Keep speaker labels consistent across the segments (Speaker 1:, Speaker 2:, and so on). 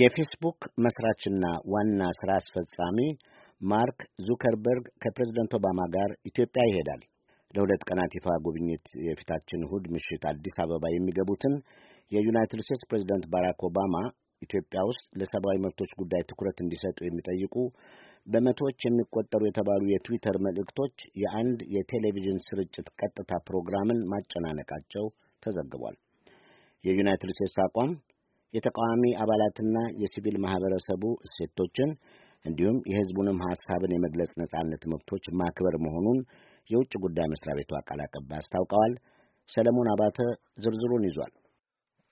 Speaker 1: የፌስቡክ መስራችና ዋና ስራ አስፈጻሚ ማርክ ዙከርበርግ ከፕሬዝደንት ኦባማ ጋር ኢትዮጵያ ይሄዳል። ለሁለት ቀናት ይፋ ጉብኝት የፊታችን እሁድ ምሽት አዲስ አበባ የሚገቡትን የዩናይትድ ስቴትስ ፕሬዝደንት ባራክ ኦባማ ኢትዮጵያ ውስጥ ለሰብአዊ መብቶች ጉዳይ ትኩረት እንዲሰጡ የሚጠይቁ በመቶዎች የሚቆጠሩ የተባሉ የትዊተር መልእክቶች የአንድ የቴሌቪዥን ስርጭት ቀጥታ ፕሮግራምን ማጨናነቃቸው ተዘግቧል። የዩናይትድ ስቴትስ አቋም የተቃዋሚ አባላትና የሲቪል ማህበረሰቡ እሴቶችን እንዲሁም የሕዝቡንም ሐሳብን የመግለጽ ነጻነት መብቶች ማክበር መሆኑን የውጭ ጉዳይ መስሪያ ቤቱ ቃል አቀባይ አስታውቀዋል። ሰለሞን አባተ ዝርዝሩን ይዟል።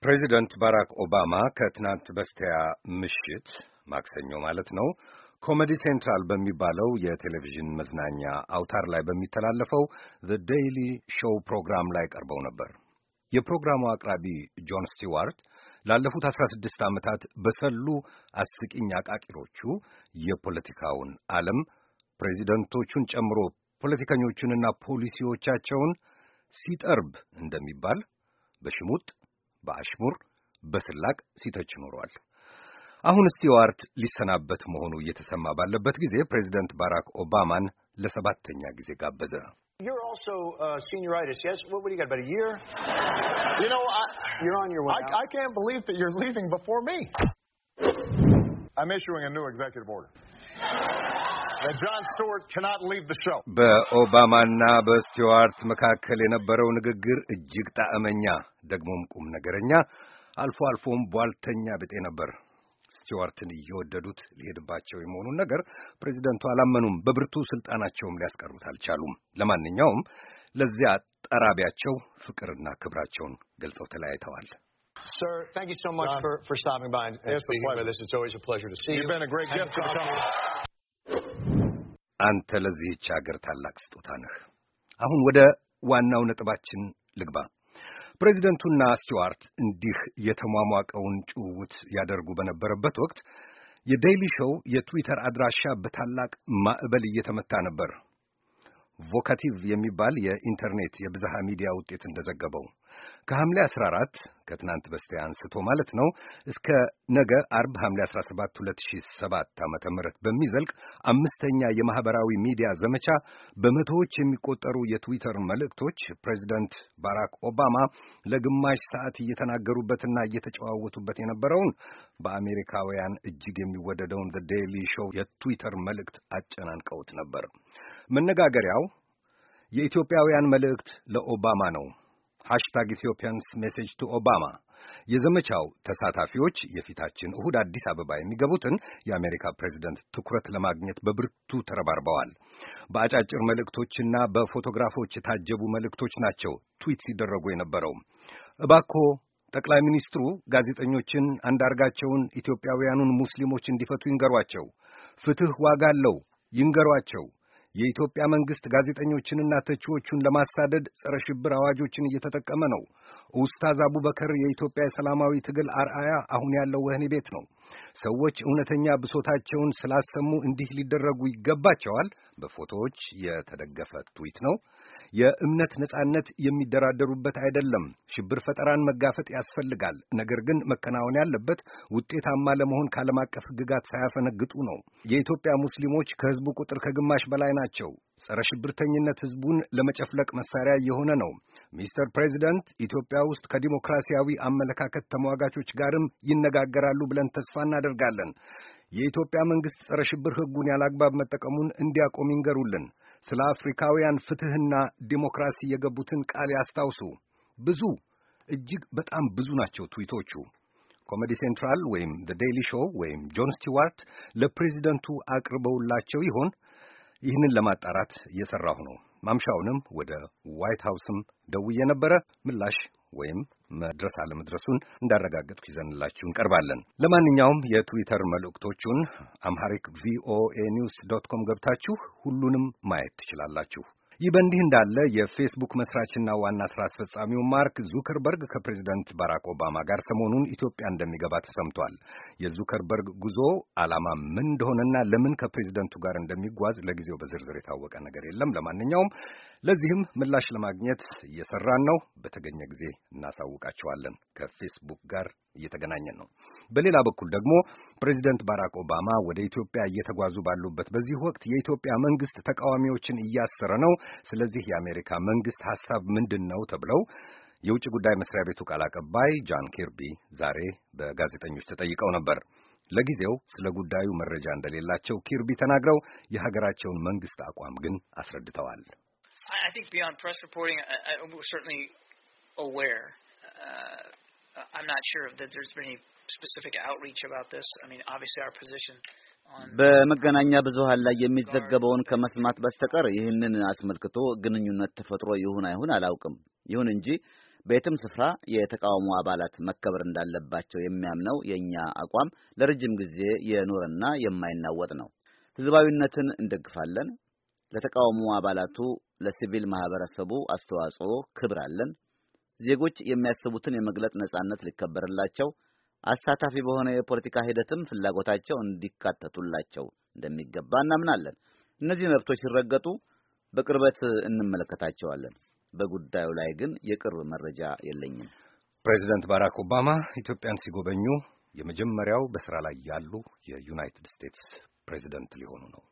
Speaker 1: ፕሬዚደንት ባራክ ኦባማ ከትናንት በስቲያ ምሽት ማክሰኞ ማለት ነው ኮሜዲ ሴንትራል በሚባለው የቴሌቪዥን መዝናኛ አውታር ላይ በሚተላለፈው ዘ ዴይሊ ሾው ፕሮግራም ላይ ቀርበው ነበር። የፕሮግራሙ አቅራቢ ጆን ስቲዋርት ላለፉት አስራ ስድስት ዓመታት በሰሉ አስቂኝ አቃቂሮቹ የፖለቲካውን ዓለም ፕሬዚደንቶቹን ጨምሮ ፖለቲከኞቹንና ፖሊሲዎቻቸውን ሲጠርብ እንደሚባል በሽሙጥ፣ በአሽሙር፣ በስላቅ ሲተች ኖሯል። አሁን ስቲዋርት ሊሰናበት መሆኑ እየተሰማ ባለበት ጊዜ ፕሬዚደንት ባራክ ኦባማን ለሰባተኛ ጊዜ ጋበዘ። በኦባማና በስቲዋርት መካከል የነበረው ንግግር እጅግ ጣዕመኛ፣ ደግሞም ቁም ነገረኛ፣ አልፎ አልፎም ቧልተኛ ብጤ ነበር። ስቲዋርትን እየወደዱት ሊሄድባቸው የመሆኑን ነገር ፕሬዚደንቱ አላመኑም። በብርቱ ስልጣናቸውም ሊያስቀሩት አልቻሉም። ለማንኛውም ለዚያ ጠራቢያቸው ፍቅርና ክብራቸውን ገልጸው ተለያይተዋል። አንተ ለዚህች አገር ታላቅ ስጦታ ነህ። አሁን ወደ ዋናው ነጥባችን ልግባ። ፕሬዚደንቱና ስቲዋርት እንዲህ የተሟሟቀውን ጭውውት ያደርጉ በነበረበት ወቅት የዴይሊ ሾው የትዊተር አድራሻ በታላቅ ማዕበል እየተመታ ነበር። ቮካቲቭ የሚባል የኢንተርኔት የብዝሃ ሚዲያ ውጤት እንደዘገበው ከሐምሌ 14 ከትናንት በስቲያ አንስቶ ማለት ነው እስከ ነገ አርብ ሐምሌ 17 2007 ዓ.ም በሚዘልቅ አምስተኛ የማህበራዊ ሚዲያ ዘመቻ በመቶዎች የሚቆጠሩ የትዊተር መልእክቶች ፕሬዚደንት ባራክ ኦባማ ለግማሽ ሰዓት እየተናገሩበትና እየተጨዋወቱበት የነበረውን በአሜሪካውያን እጅግ የሚወደደውን ዴይሊ ሾው የትዊተር መልእክት አጨናንቀውት ነበር። መነጋገሪያው የኢትዮጵያውያን መልእክት ለኦባማ ነው። ሃሽታግ ኢትዮፒያንስ ሜሴጅ ቱ ኦባማ የዘመቻው ተሳታፊዎች የፊታችን እሁድ አዲስ አበባ የሚገቡትን የአሜሪካ ፕሬዚደንት ትኩረት ለማግኘት በብርቱ ተረባርበዋል። በአጫጭር መልእክቶችና በፎቶግራፎች የታጀቡ መልእክቶች ናቸው ትዊት ሲደረጉ የነበረው። እባኮ ጠቅላይ ሚኒስትሩ ጋዜጠኞችን፣ አንዳርጋቸውን፣ ኢትዮጵያውያኑን ሙስሊሞች እንዲፈቱ ይንገሯቸው። ፍትሕ ዋጋ አለው። ይንገሯቸው የኢትዮጵያ መንግሥት ጋዜጠኞችንና ተቺዎቹን ለማሳደድ ጸረ ሽብር አዋጆችን እየተጠቀመ ነው። ኡስታዝ አቡበከር የኢትዮጵያ የሰላማዊ ትግል አርአያ አሁን ያለው ወህኒ ቤት ነው። ሰዎች እውነተኛ ብሶታቸውን ስላሰሙ እንዲህ ሊደረጉ ይገባቸዋል። በፎቶዎች የተደገፈ ትዊት ነው። የእምነት ነጻነት የሚደራደሩበት አይደለም። ሽብር ፈጠራን መጋፈጥ ያስፈልጋል። ነገር ግን መከናወን ያለበት ውጤታማ ለመሆን ከዓለም አቀፍ ሕግጋት ሳያፈነግጡ ነው። የኢትዮጵያ ሙስሊሞች ከሕዝቡ ቁጥር ከግማሽ በላይ ናቸው። ጸረ ሽብርተኝነት ህዝቡን ለመጨፍለቅ መሳሪያ እየሆነ ነው። ሚስተር ፕሬዚደንት ኢትዮጵያ ውስጥ ከዲሞክራሲያዊ አመለካከት ተሟጋቾች ጋርም ይነጋገራሉ ብለን ተስፋ እናደርጋለን። የኢትዮጵያ መንግሥት ጸረ ሽብር ሕጉን ያላግባብ መጠቀሙን እንዲያቆም ይንገሩልን። ስለ አፍሪካውያን ፍትሕና ዲሞክራሲ የገቡትን ቃል ያስታውሱ። ብዙ እጅግ በጣም ብዙ ናቸው ትዊቶቹ። ኮሜዲ ሴንትራል ወይም ዘ ዴይሊ ሾው ወይም ጆን ስቲዋርት ለፕሬዚደንቱ አቅርበውላቸው ይሆን? ይህንን ለማጣራት እየሰራሁ ነው። ማምሻውንም ወደ ዋይት ሃውስም ደውዬ ነበረ ምላሽ ወይም መድረስ አለመድረሱን እንዳረጋገጥኩ ይዘንላችሁ እንቀርባለን። ለማንኛውም የትዊተር መልእክቶቹን አምሃሪክ ቪኦኤ ኒውስ ዶት ኮም ገብታችሁ ሁሉንም ማየት ትችላላችሁ። ይህ በእንዲህ እንዳለ የፌስቡክ መስራችና ዋና ስራ አስፈጻሚው ማርክ ዙከርበርግ ከፕሬዚደንት ባራክ ኦባማ ጋር ሰሞኑን ኢትዮጵያ እንደሚገባ ተሰምቷል። የዙከርበርግ ጉዞ ዓላማ ምን እንደሆነና ለምን ከፕሬዚደንቱ ጋር እንደሚጓዝ ለጊዜው በዝርዝር የታወቀ ነገር የለም። ለማንኛውም ለዚህም ምላሽ ለማግኘት እየሰራን ነው። በተገኘ ጊዜ እናሳውቃቸዋለን ከፌስቡክ ጋር እየተገናኘን ነው። በሌላ በኩል ደግሞ ፕሬዚደንት ባራክ ኦባማ ወደ ኢትዮጵያ እየተጓዙ ባሉበት በዚህ ወቅት የኢትዮጵያ መንግስት ተቃዋሚዎችን እያሰረ ነው፣ ስለዚህ የአሜሪካ መንግስት ሀሳብ ምንድን ነው ተብለው የውጭ ጉዳይ መስሪያ ቤቱ ቃል አቀባይ ጃን ኪርቢ ዛሬ በጋዜጠኞች ተጠይቀው ነበር። ለጊዜው ስለ ጉዳዩ መረጃ እንደሌላቸው ኪርቢ ተናግረው የሀገራቸውን መንግስት አቋም ግን አስረድተዋል። Uh, I'm not sure that there's been any specific outreach about this. I mean, obviously our position በመገናኛ ብዙሃን ላይ የሚዘገበውን ከመስማት በስተቀር ይህንን አስመልክቶ ግንኙነት ተፈጥሮ ይሁን አይሁን አላውቅም። ይሁን እንጂ በየትም ስፍራ የተቃውሞ አባላት መከበር እንዳለባቸው የሚያምነው የእኛ አቋም ለረጅም ጊዜ የኖረና የማይናወጥ ነው። ህዝባዊነትን እንደግፋለን። ለተቃውሞ አባላቱ፣ ለሲቪል ማህበረሰቡ አስተዋጽኦ ክብር አለን፣ ዜጎች የሚያስቡትን የመግለጥ ነጻነት ሊከበርላቸው፣ አሳታፊ በሆነ የፖለቲካ ሂደትም ፍላጎታቸው እንዲካተቱላቸው እንደሚገባ እናምናለን። እነዚህ መብቶች ሲረገጡ በቅርበት እንመለከታቸዋለን። በጉዳዩ ላይ ግን የቅርብ መረጃ የለኝም። ፕሬዚደንት ባራክ ኦባማ ኢትዮጵያን ሲጎበኙ የመጀመሪያው በስራ ላይ ያሉ የዩናይትድ ስቴትስ ፕሬዚደንት ሊሆኑ ነው።